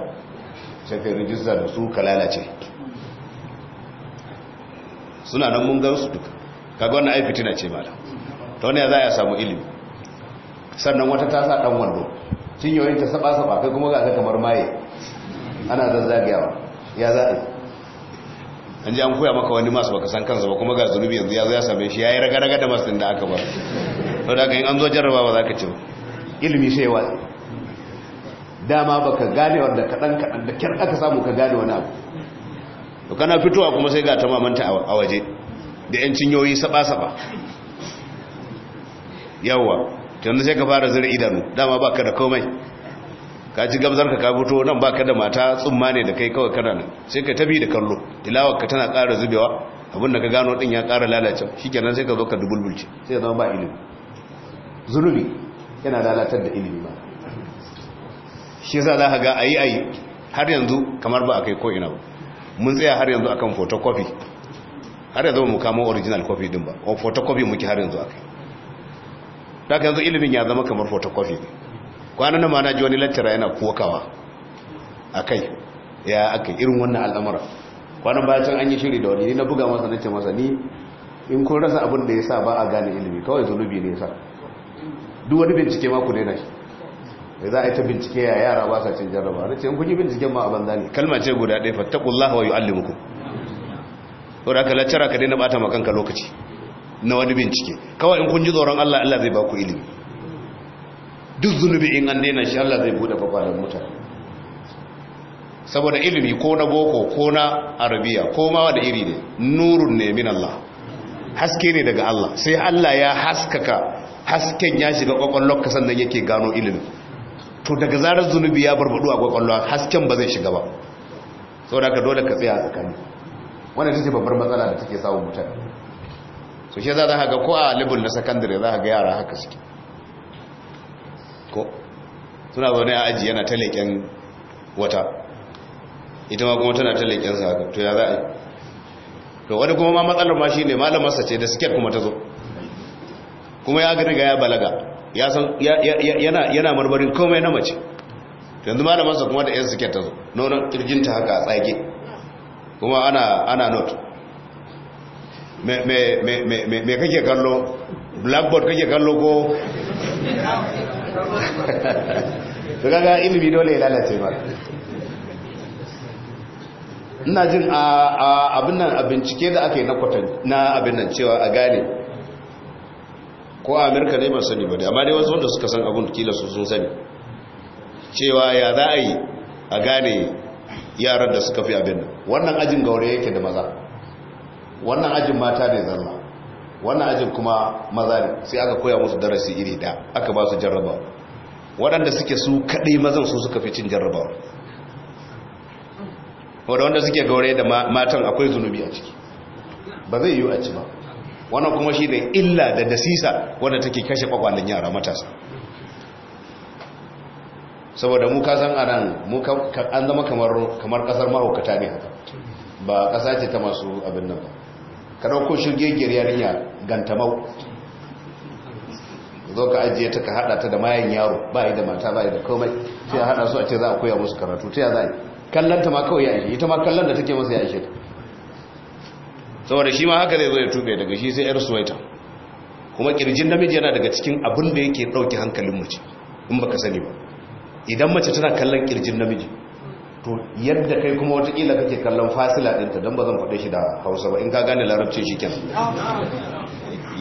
sai kai rijista da su ka lalace suna nan mun gan su duka kaga wannan ai fitina ce mala to ne za ya samu ilimi sannan wata ta sa dan wando yoyin ta saba saba kai kuma ga kamar maye ana zazzagiyawa ya zaɗi an ji an koya maka wani masu baka san kansa ba kuma ga zunubi yanzu ya zo ya same shi ya yi raga-raga da masu da aka ba To da in an zo jarraba ba za ka ce ilimi sai wa dama ba ka gane wanda kaɗan-kaɗan da kyar aka samu ka gane wani abu to kana fitowa kuma sai ga ta mamanta a waje da 'yan yoyi saba-saba yawa yanzu sai ka fara zira idanu dama ka da komai ka ci gamsar ka kabuto nan ba ka da mata tsumma ne da kai kawai kana nan sai ka tabi da kallo tilawar ka tana ƙara zubewa abin da ka gano din ya ƙara lalacewa nan sai ka zo ka dubulbulce sai zama ba ilimi zunubi yana lalatar da ilimi ba shi yasa za ka ga ayi ayi har yanzu kamar ba a kai ko ina ba mun tsaya har yanzu akan photocopy har yanzu mu kamo original copy din ba ko photocopy muke har yanzu akai daga yanzu ilimin ya zama kamar photocopy ne kwanan nan ma na ji wani lecturer yana kokawa akai ya akai irin wannan al'amura kwanan baya can an yi shiri da wani ni na buga masa nace masa ni in kun rasa abin da yasa ba a gane ilimi kawai zunubi ne yasa duk wani bincike ma ku ne shi da za a yi ta bincike ya yara ba sa cin jarraba na ce in kun yi binciken ma a banza ne kalma ce guda ɗaya fattakullaha wa yu'allimukum wadda aka lacara ka daina bata makanka lokaci na wani bincike kawai in kun ji tsoron Allah Allah zai ba ku ilimi duk zunubi in an daina shi Allah zai buɗe kwakwalen mutane saboda ilimi ko na boko ko na arabiya ko ma wada iri ne nurun ne min Allah haske ne daga Allah sai Allah ya haskaka hasken ya shiga kwakwallon ka sannan yake gano ilimi to daga zarar zunubi ya barbadu a kwakwallon hasken ba zai shiga ba saboda ka dole ka tsaya a tsakani wannan ta ce babbar matsala da take samun mutane so shi za a ga ko a libin na sakandare za a ga yara haka suke ko suna zaune a aji yana ta leƙen wata ita ma kuma tana ta leƙen sa to ya za a yi to wani kuma ma matsalar ma shi ne malamarsa ce da siket kuma ta zo kuma ya ga daga ya balaga ya san yana yana marmarin komai na mace yanzu malamarsa kuma da yan siket ta zo nonon kirjinta haka a tsage kuma ana ana note me kake kallo blackboard kake kallo ko su kaga ilimi dole ya lalace ba ina jin a abin nan a bincike da aka yi na kwatan na abin nan cewa a gane ko a amurka ne masu sani ba da amma dai wasu wanda suka san abin kila su sun sani cewa ya za a yi a gane yaran da suka fi abin wannan ajin gaure yake da maza wannan ajin mata ne zalla wannan ajin kuma maza ne sai aka koya musu darasi iri ɗaya aka ba su jarrabawa waɗanda suke su kaɗai mazan su suka fi cin jarrabawa waɗanda wanda suke gaure da matan akwai zunubi a ciki ba zai yiwu a ci ba wannan kuma shi ne illa da dasisa wadda take kashe kwakwalin yara matasa saboda mu kasan a nan mu an zama kamar kasar mahaukata ne ba kasa ce ta masu abin nan ba ka ɗauko shirgegiyar yarinya gantamau zo ka ajiye ta ka hada ta da mayan yaro ba yi da mata ba yi da komai sai ya hada su a ce za a koya musu karatu ta ya za yi kallon ta ma kawai ya ishe ita ma kallon da take masa ya ishe ta saboda shi ma haka zai zo ya tube daga shi sai yar suwaita kuma kirjin namiji yana daga cikin abin da yake ɗauki hankalin mace in baka sani ba idan mace tana kallon kirjin namiji to yadda kai kuma watakila kake kallon fasila ɗinta don ba zan faɗe shi da hausa ba in ka gane larabci shi kenan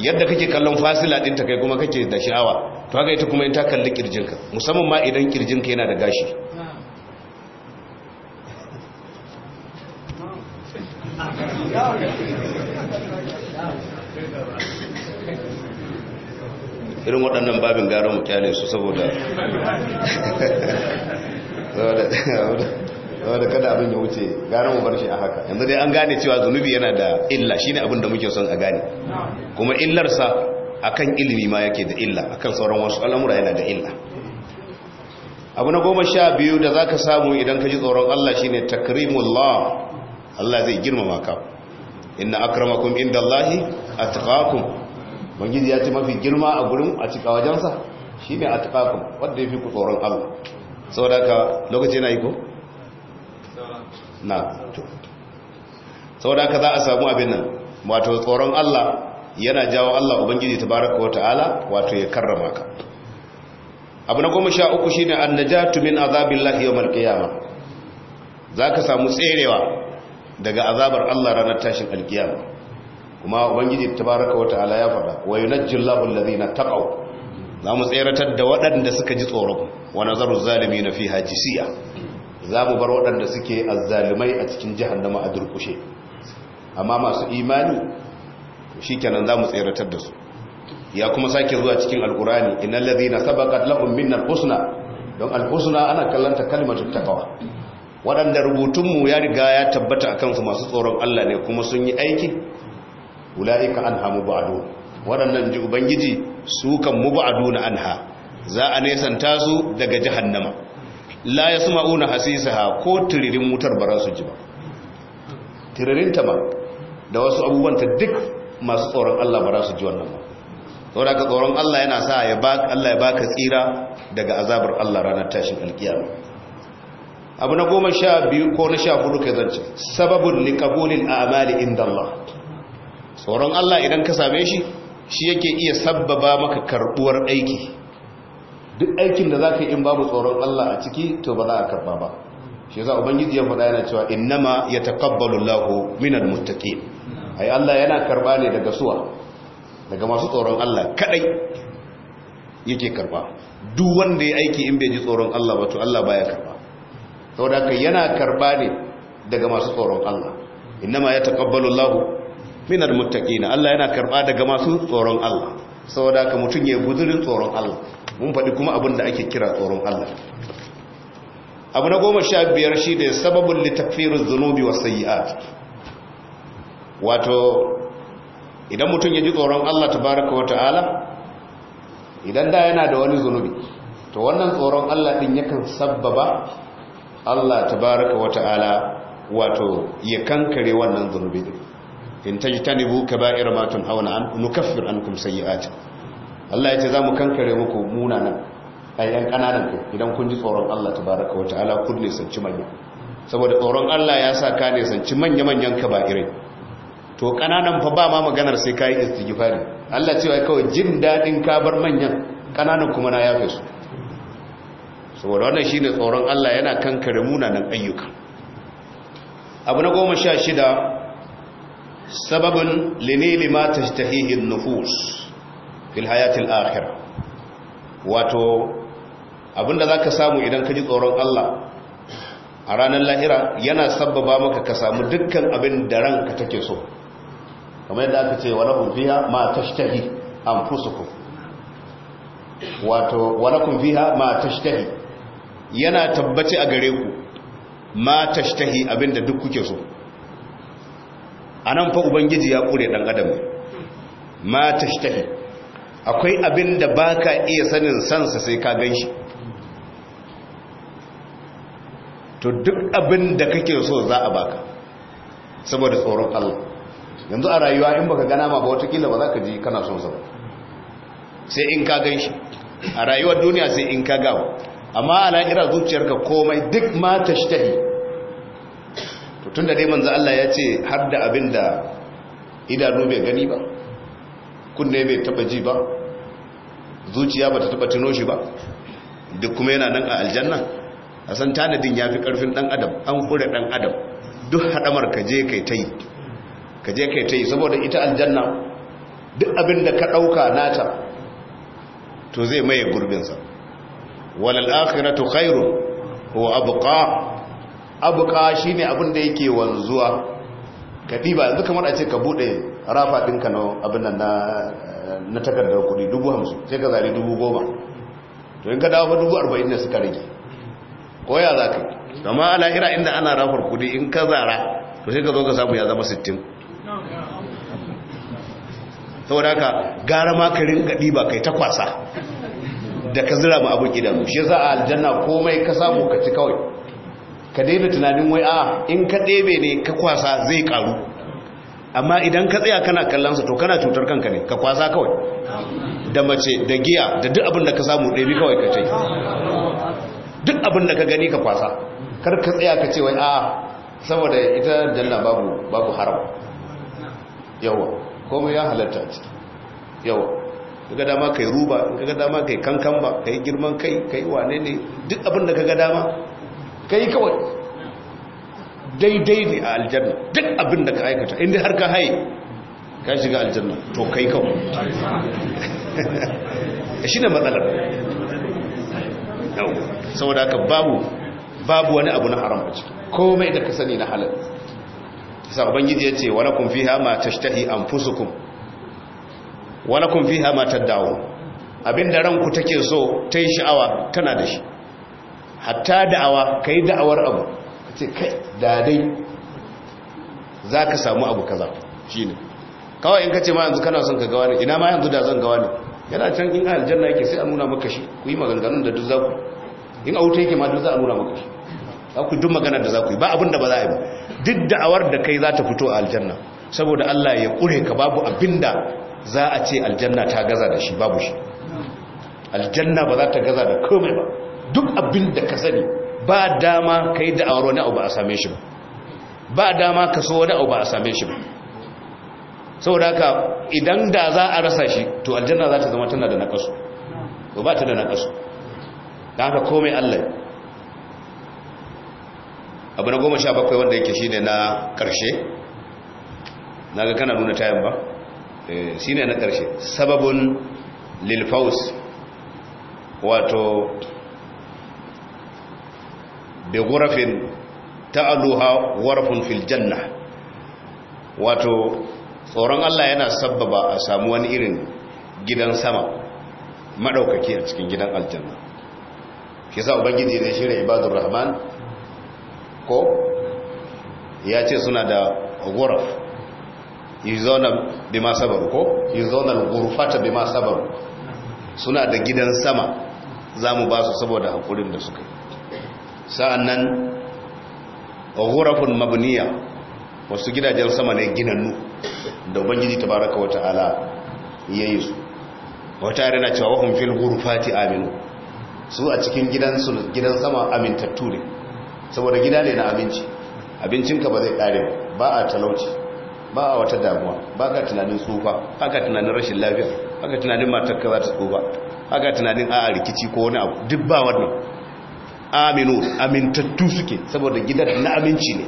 yadda kake kallon fasila ɗinta kai kuma kake da sha'awa to haka ita kuma in ta kalli kirjinka musamman ma idan kirjinka yana da gashi Yeah, irin waɗannan babin gara mu kyale su saboda saboda kada abin ya wuce gara mu bar shi a haka yanzu dai an gane cewa zunubi yana da illa shine abin da muke son a gane kuma illarsa akan ilimi ma yake da illa akan sauran wasu al'amura yana da illa abu na goma sha biyu da zaka samu idan ka ji tsoron Allah shine takrimullah Allah zai girmama ka inna akramakum indallahi atqakum ubangiji ya ce mafi girma a gurin a cika wajensa shi ne a tukakun wadda ya fi ku tsoron allah da ka lokaci yana yi ko? na to da ka za a samu abin nan wato tsoron allah yana jawo allah ubangiji ta baraka wa ta'ala wato ya karrama ka abu na goma sha uku shi ne an ja tumin azabin lahiyo malkiyama za ka samu tserewa daga azabar allah ranar tashin alkiyama kuma ubangiji tabaraka wa ta'ala ya faɗa wa yunajjillahu alladhina taqaw za mu tseratar da waɗanda suka ji tsoron wa nazaru zalimi na fi hajisiya za mu bar waɗanda suke azzalimai a cikin jahannama a durkushe amma masu imani shikenan za mu tseratar da su ya kuma sake zuwa cikin alqurani innal ladhina sabaqat lahum minna husna don alhusna ana kallanta kalmatu taqwa waɗanda rubutunmu ya riga ya tabbata akan su masu tsoron Allah ne kuma sun yi aiki ula'ika anha mubadu waɗannan ji ubangiji su kan mubadu na anha za a nesanta su daga jahannama la yasma'una suma una hasisaha ko tiririn wutar ba za su ji ba tiririn ta ba da wasu abubuwan ta duk masu tsoron Allah ba za su ji wannan ba saboda ka tsoron Allah yana sa ya ba Allah ya baka tsira daga azabar Allah ranar tashin alkiyama abu na goma sha biyu ko na sha hudu ka zance sababin likabulin amali inda Allah tsoron Allah idan ka same shi shi yake iya sabbaba maka karbuwar aiki duk aikin da zaka yi in babu tsoron Allah a ciki to ba za a karba ba shi yasa ubangiji ya faɗa yana cewa innama yataqabbalu Allahu minal muttaqin ai Allah yana karba ne daga suwa daga masu tsoron Allah kadai yake karba duk wanda ya aiki in bai ji tsoron Allah ba to Allah baya karba saboda haka yana karba ne daga masu tsoron Allah innama yataqabbalu Allahu minar muttaqina Allah yana karba daga masu tsoron Allah saboda ka mutum ya guzurin tsoron Allah mun faɗi kuma abin da ake kira tsoron Allah abu na goma sha biyar shi ne sababin littafirin zunubi wa sayi'at wato idan mutum ya ji tsoron Allah tabaraka wa ta'ala idan da yana da wani zunubi to wannan tsoron Allah din yakan sababa Allah tabaraka wa ta'ala wato ya kankare wannan zunubi din in ta tajtanibu kaba'ir ma tunhauna an nukaffir ankum sayyi'atikum Allah ya ce za mu kankare muku muna a yan kananan ku idan kun ji tsoron Allah ta baraka. Wata ala kun ne sanci manya saboda tsoron Allah ya sa ka ne sanci manya manyan kaba'irai to kananan fa ba ma maganar sai ka yi istighfari Allah cewa kawai jin daɗin ka bar manyan kananan kuma na yafe su saboda wannan shine tsoron Allah yana kankare muna nan ayyuka abu na goma sha shida sababin linili ma tahtahihin nufus fil hayatil akhir wato abinda zaka samu idan ka ji tsoron Allah a ranar lahira yana sabbaba maka ka samu dukkan abin da ranka take so kamar yadda aka ce wa lahum fiha ma tashtahi anfusukum wato wa lakum fiha ma tashtahi yana tabbaci a gare ku ma tashtahi abin da duk kuke so anan fa ubangiji ya kure dan adam ma tashtahi akwai abin da baka iya sanin sansa sai ka ganshi to duk abin da kake so za a baka saboda tsoron Allah yanzu a rayuwa in baka gana ma ba watakila ba za ka ji kana son sabo sai in ka ganshi a rayuwar duniya sai in ka gawo amma a la'ira zuciyarka komai duk ma tashtahi tun da dai manzo Allah ya ce har da abin da idanu bai gani ba kunne bai taba ji ba zuciya bata ta taba tuno shi ba duk kuma yana nan a aljanna a san tanadin ya fi karfin dan adam an kure dan adam duk hadamar ka je kai ta ka je kai ta saboda ita aljanna duk abin da ka ɗauka nata to zai maye gurbinsa wal akhiratu khairu wa abqa abuka shi ne abin da yake wanzuwa ka ɗiba yanzu kamar a ce ka buɗe rafa ɗinka na abin na takardar kudi dubu hamsin sai ka zari dubu goma to in ka dawo fa dubu arba'in da suka rage ko ya za ka yi amma a ira inda ana rafar kudi in ka zara to sai ka zo ka samu ya zama sittin saboda haka gara ma ka ringa ɗiba kai ta kwasa da ka zira ma abin idanu shi za a aljanna komai ka samu ka ci kawai ka daina tunanin wai a ah, in ka ɗebe ne ka kwasa zai ƙaru amma idan ka tsaya kana kallonsa to kana cutar kanka ne ka kwasa kawai da mace da giya da duk abin da ka samu ɗebi kawai ka ce duk abin da ka gani ka kwasa kar ka tsaya ka ce wai a ah, saboda ita janna babu babu haram yawa komai ya halatta ce yawa kaga dama kai ruba kaga dama kai kankan ba kai girman kai kai wane ne duk abin da kaga dama kai kawai daidai ne a aljanna duk abin da ka aikata inda har ka haye ka shiga aljanna to kai kawai shi ne matsalar yau saboda haka babu babu wani abu na haram a ciki komai da ka sani na halal sa ubangiji ya ce wa lakum fiha ma tashtahi anfusukum wa hama ta dawo abin abinda ranku take so ta yi sha'awa tana da shi hatta da'awa kai da'awar abu ka ce kai da dai za ka samu abu kaza shi ne kawai in ka ce ma yanzu kana son ka gawa ne ina ma yanzu da zan gawa ne yana can in aljanna yake sai a nuna maka shi ku yi maganganun da duk za ku in auta yake ma duk za a nuna maka shi za ku duk magana da za ku yi ba abin da ba za a yi ba duk da'awar da kai za ta fito a aljanna saboda Allah ya kure ka babu abinda za a ce aljanna ta gaza da shi babu shi aljanna ba za ta gaza da komai ba duk abin da ka sani ba dama ka yi da'awar wani abu ba a same shi ba ba dama ka so wani abu ba a same shi ba da ka idan da za a rasa shi to aljanna za ta zama tana da nakasu to ba ta da nakasu da haka komai allah abu na goma sha bakwai wanda yake shi ne na karshe na ga kana nuna tayan ba eh, ne na karshe sababin lilfaus wato bi ghurafin ta'aluha warfun fil janna wato tsoron Allah yana sabbaba a samu wani irin gidan sama maɗaukaki a cikin gidan aljanna sa ubangiji zai shirya ibada rahman ko ya ce suna da ghuraf yuzona bima sabar, ko yuzona gurfata bima sabar, suna da gidan sama zamu ba su saboda hakurin da suka yi sa'annan ghurafun mabniya wasu gidajen sama ne ginannu da ubangiji baraka wa ta'ala yi su wata yana cewa wahum fil Fati aminu su a cikin gidan sama amintattu ne saboda gida ne na abinci abincinka ba zai kare ba a talauci ba a wata damuwa ba ka tunanin tsufa ba ka tunanin rashin lafiya ba ka tunanin matakka za ta tsufa ba ka tunanin a rikici ko wani abu duk ba wannan Aminu amintattu suke saboda gidan na aminci ne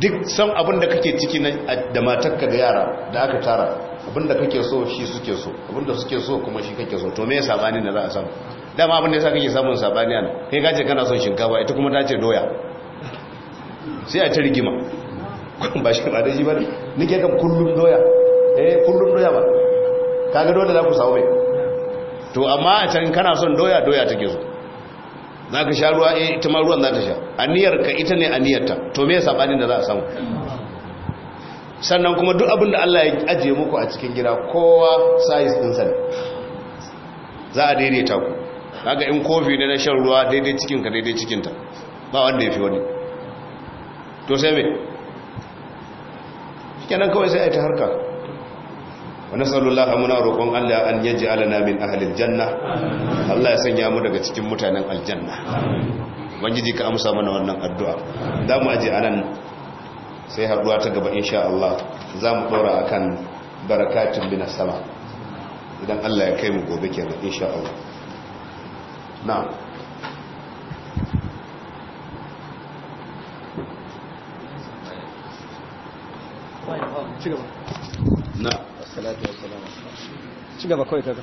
duk san abin da kake ciki da matakka da yara da aka tara abin da kake so shi suke so abin da suke so kuma shi kake so to me sabani da za a samu dama abin da yasa kake samun sabani ne kai kace kana son shinkafa ita kuma ta ce doya sai a tarigi rigima ba shi ba da shi ba ne nake kan kullum doya eh kullum doya ba kaga dole za ku samu mai to amma a can kana son doya doya take so za ka sha ruwa eh ita ma ruwan za ta sha aniyar ka ita ne aniyarta to me sabanin da za a samu sannan kuma duk abin da Allah ya ajiye muku a cikin gida kowa size din sani za a daidaita ku kaga in kofi ne na shan ruwa daidai cikin ka daidai cikin ta ba wanda ya fi wani to sai me kenan kawai sai a ta harka wa nasallallahu muna roƙon Allah an alana min halin janna Allah ya sanya mu daga cikin mutanen aljanna wajiji ka amsa mana wannan addu'a da mu aje anan sai haɗuwa ta gaba insha Allah za mu ɗora a kan barakatun bin sama idan Allah ya kai mu gobe kenan insha Allah na'am salatu wassalamu ci gaba kawai kaga